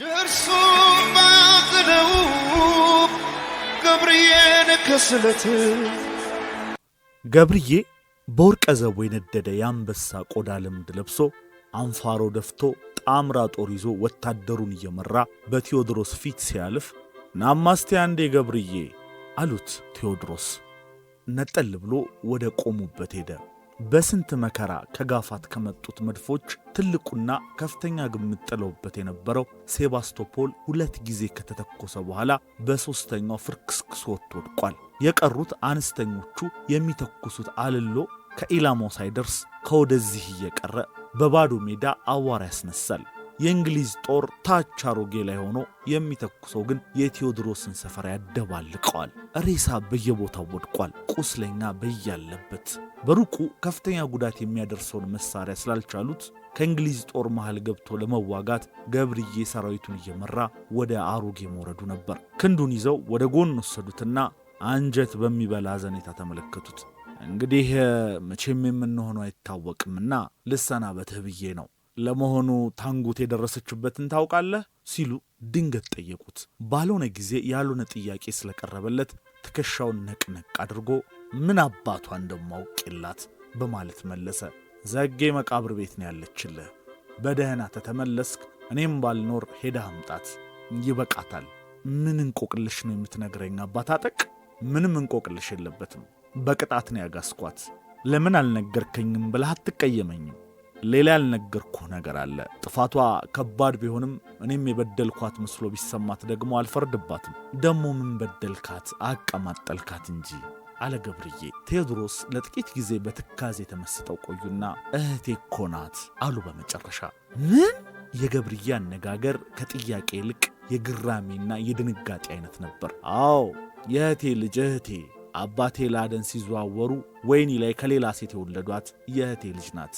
ደርሶ ባቅነው ገብርዬን ከስለት ገብርዬ በወርቀ ዘቦ የነደደ የአንበሳ ቆዳ ልምድ ለብሶ አንፋሮ ደፍቶ ጣምራ ጦር ይዞ ወታደሩን እየመራ በቴዎድሮስ ፊት ሲያልፍ ናማስቴ አንዴ ገብርዬ አሉት። ቴዎድሮስ ነጠል ብሎ ወደ ቆሙበት ሄደ። በስንት መከራ ከጋፋት ከመጡት መድፎች ትልቁና ከፍተኛ ግምት ጥለውበት የነበረው ሴባስቶፖል ሁለት ጊዜ ከተተኮሰ በኋላ በሦስተኛው ፍርክስክስ ወጥቶ ወድቋል። የቀሩት አነስተኞቹ የሚተኩሱት አልሎ ከኢላማው ሳይደርስ ከወደዚህ እየቀረ በባዶ ሜዳ አቧራ ያስነሳል። የእንግሊዝ ጦር ታች አሮጌ ላይ ሆኖ የሚተኩሰው ግን የቴዎድሮስን ሰፈር ያደባልቀዋል። ሬሳ በየቦታው ወድቋል። ቁስለኛ በያለበት በሩቁ ከፍተኛ ጉዳት የሚያደርሰውን መሳሪያ ስላልቻሉት ከእንግሊዝ ጦር መሃል ገብቶ ለመዋጋት ገብርዬ ሰራዊቱን እየመራ ወደ አሮጌ መውረዱ ነበር። ክንዱን ይዘው ወደ ጎን ወሰዱትና አንጀት በሚበላ ሐዘኔታ ተመለከቱት። እንግዲህ መቼም የምንሆነው አይታወቅምና ልሰናበትህ ብዬ ነው ለመሆኑ ታንጉት የደረሰችበትን ታውቃለህ? ሲሉ ድንገት ጠየቁት። ባልሆነ ጊዜ ያልሆነ ጥያቄ ስለቀረበለት ትከሻውን ነቅነቅ አድርጎ ምን አባቷ እንደማውቅ በማለት መለሰ። ዘጌ መቃብር ቤት ነው ያለችልህ። በደህና ተተመለስክ እኔም ባልኖር ሄዳ አምጣት። ይበቃታል። ምን እንቆቅልሽ ነው የምትነግረኝ? አጠቅ ምንም እንቆቅልሽ የለበትም። በቅጣት ነው ያጋስኳት። ለምን አልነገርከኝም ብለህ አትቀየመኝም። ሌላ ያልነገርኩ ነገር አለ። ጥፋቷ ከባድ ቢሆንም እኔም የበደልኳት መስሎ ቢሰማት ደግሞ አልፈርድባትም። ደሞ ምን በደልካት? አቀማጠልካት እንጂ አለ ገብርዬ። ቴዎድሮስ ለጥቂት ጊዜ በትካዜ የተመስጠው ቆዩና እህቴ እኮ ናት አሉ በመጨረሻ። ምን? የገብርዬ አነጋገር ከጥያቄ ይልቅ የግራሜና የድንጋጤ አይነት ነበር። አዎ የእህቴ ልጅ እህቴ አባቴ ላደን ሲዘዋወሩ ወይኒ ላይ ከሌላ ሴት የወለዷት የእህቴ ልጅ ናት።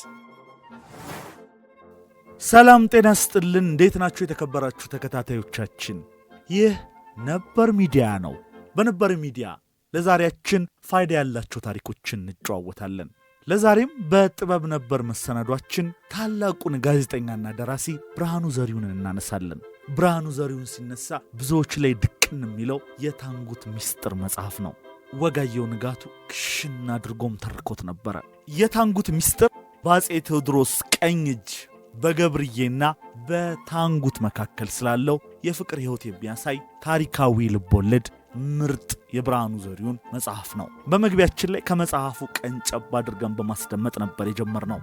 ሰላም ጤና ስጥልን። እንዴት ናችሁ የተከበራችሁ ተከታታዮቻችን? ይህ ነበር ሚዲያ ነው። በነበር ሚዲያ ለዛሬያችን ፋይዳ ያላቸው ታሪኮችን እንጨዋወታለን። ለዛሬም በጥበብ ነበር መሰናዷችን ታላቁን ጋዜጠኛና ደራሲ ብርሃኑ ዘሪሁንን እናነሳለን። ብርሃኑ ዘሪሁን ሲነሳ ብዙዎች ላይ ድቅን የሚለው የታንጉት ሚስጥር መጽሐፍ ነው። ወጋየው ንጋቱ ክሽና አድርጎም ተርኮት ነበረ። የታንጉት ሚስጥር በአጼ ቴዎድሮስ ቀኝ እጅ በገብርዬና በታንጉት መካከል ስላለው የፍቅር ሕይወት የሚያሳይ ታሪካዊ ልቦለድ ምርጥ የብርሃኑ ዘሪሁን መጽሐፍ ነው። በመግቢያችን ላይ ከመጽሐፉ ቀንጨብ አድርገን በማስደመጥ ነበር የጀመርነው።